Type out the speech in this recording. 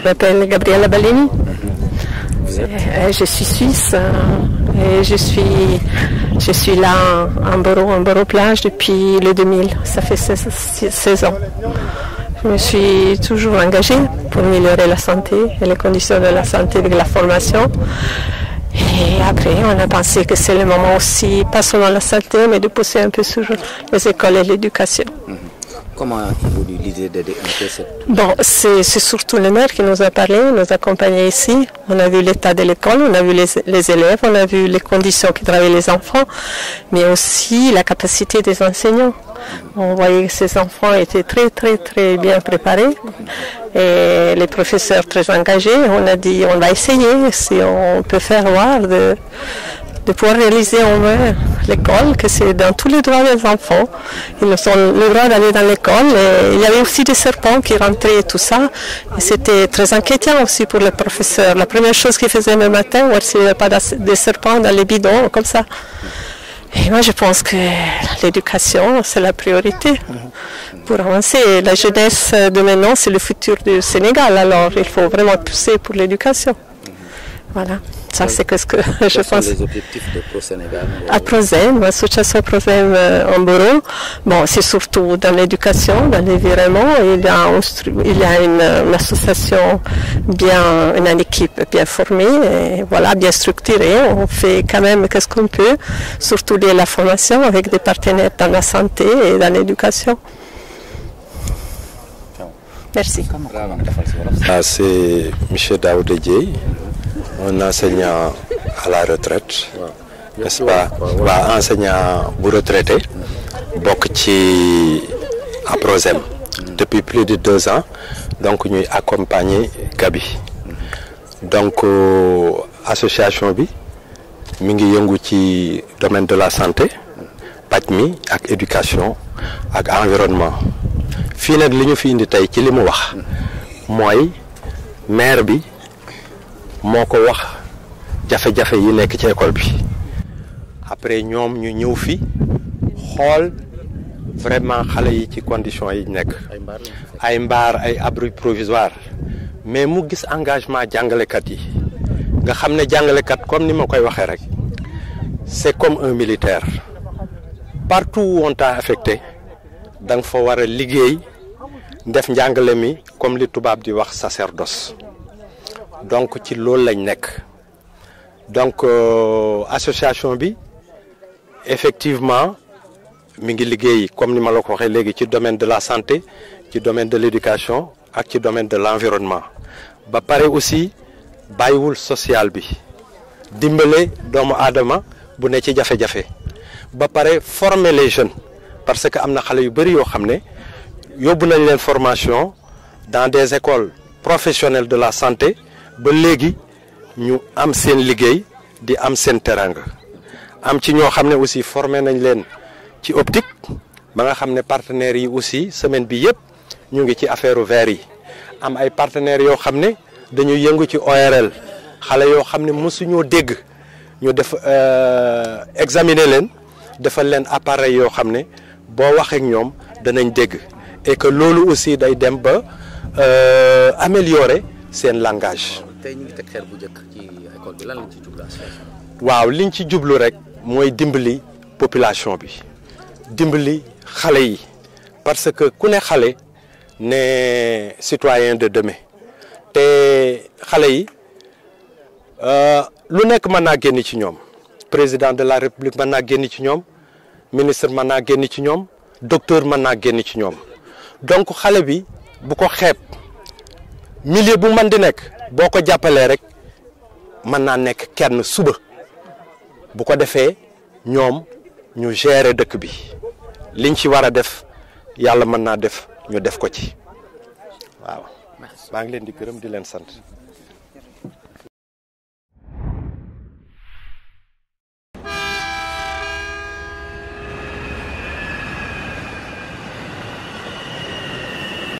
Je m'appelle Gabriela Ballini. Vous êtes je suis suisse euh, et je suis, je suis là en Boro, en Boro plage depuis le 2000. Ça fait 16, 16 ans. Je me suis toujours engagée pour améliorer la santé et les conditions de la santé de la formation. Et après, on a pensé que c'est le moment aussi, pas seulement la santé, mais de pousser un peu sur les écoles et l'éducation. Mhm. Comment évolue l'idée d'aider un peu cette... Bon, c'est surtout le maire qui nous a parlé, nous a accompagnés ici. On a vu l'état de l'école, on a vu les, les, élèves, on a vu les conditions qui travaillent les enfants, mais aussi la capacité des enseignants. On voyait que ces enfants étaient très, très, très bien préparés. Et les professeurs très engagés, on a dit on va essayer si on peut faire voir de de pouvoir réaliser en vrai l'école, que c'est dans tous des enfants. Ils ont le droit d'aller dans l'école. Il y avait aussi des serpents qui rentraient et tout ça. c'était très inquiétant pour les professeurs. La première chose qu'ils faisaient le matin, voir s'il n'y avait pas de serpents dans les bidons, comme ça. Et la priorité pour avancer. La jeunesse de maintenant, c'est le futur du Sénégal. Alors, il faut vraiment pousser pour l'éducation. Voilà, ça c'est ce que je pense. les objectifs euh, en Boro, c'est surtout dans l'éducation, dans l'environnement. Il a, il y a une, une, association bien, une équipe bien formée, et voilà, bien structurée. On fait quand même la formation avec des partenaires dans la santé et dans l'éducation. un enseignant à la retrait n'est-ce pas waa enseignant bu retraité bokk ci Aprosem depuis plus de deux ans donc ñuy accompagner Gabi donc euh, association bi mu ngi yëngu ci domaine de la santé paj mi ak éducation ak environnement fii nag li ñu fi indi tey ci li mu wax mooy maire bi moo ko wax jafe-jafe yi nekk ci école bi après ñoom ñu ñëw fii xool vraiment xale yi ci condition yi nekk ay mbaar ay abri provisoire mais mu gis engagement jàngalekat yi nga xam ne jàngalekat comme ni ma koy waxee rek c'est comme un militaire partout où on t'a da nga fa war a liggéey def njàngale mi comme li tubaab di wax sacerdoce donc ci loolu lañ nekk donc euh, association bi effectivement mu ngi liggéey comme ni ma la ko waxee léegi ci domaine de la santé ci domaine de l'éducation ak ci domaine de l'environnement ba pare aussi bàyyiwul sociale bi dimbale doomu aadama bu ne ci jafe-jafe ba pare former les jeunes parce que am na xale yu bari yoo xam ne yóbbu nañ leen formation dans des écoles professionnelles de la santé ba léegi ñu am seen liggéey di am seen terang am ci ñoo xam ne aussi formé nañ leen ci optique ba nga xam ne partenaires yi aussi semaine bi yëpp ñu ngi ci affaire verre yi am ay partenaires yoo xam ne dañuy yëngu ci ORL xale yoo xam ne mosuñoo dégg ñu def euh, examiner leen defal leen appareil yoo xam ne boo waxee ñoom danañ dégg et loolu aussi day dem ba euh, améliore seen langage. tey ñu ngi teg xeer bu njëkk ci école bi lan lañ ci jublu waaw liñ ci jublu rek mooy dimbali population bi dimbali xale yi parce que ku ne xale ne citoyen de demain te xale yi euh, lu nekk mën naa génn ci ñoom président de la république mën naa génn ci ñoom ministre mën naa génn ci ñoom docteur mën naa génn ci ñoom donc xale bi bu ko xeeb milieu bu mën di nekk. boo ko jàppalee rek mën naa nekk kenn suba bu ko defee ñoom ñu gérer dëkk bi liñ ci war a def yàlla mën naa def ñu def ko ci waaw maa ngi leen di gërëm di leen sant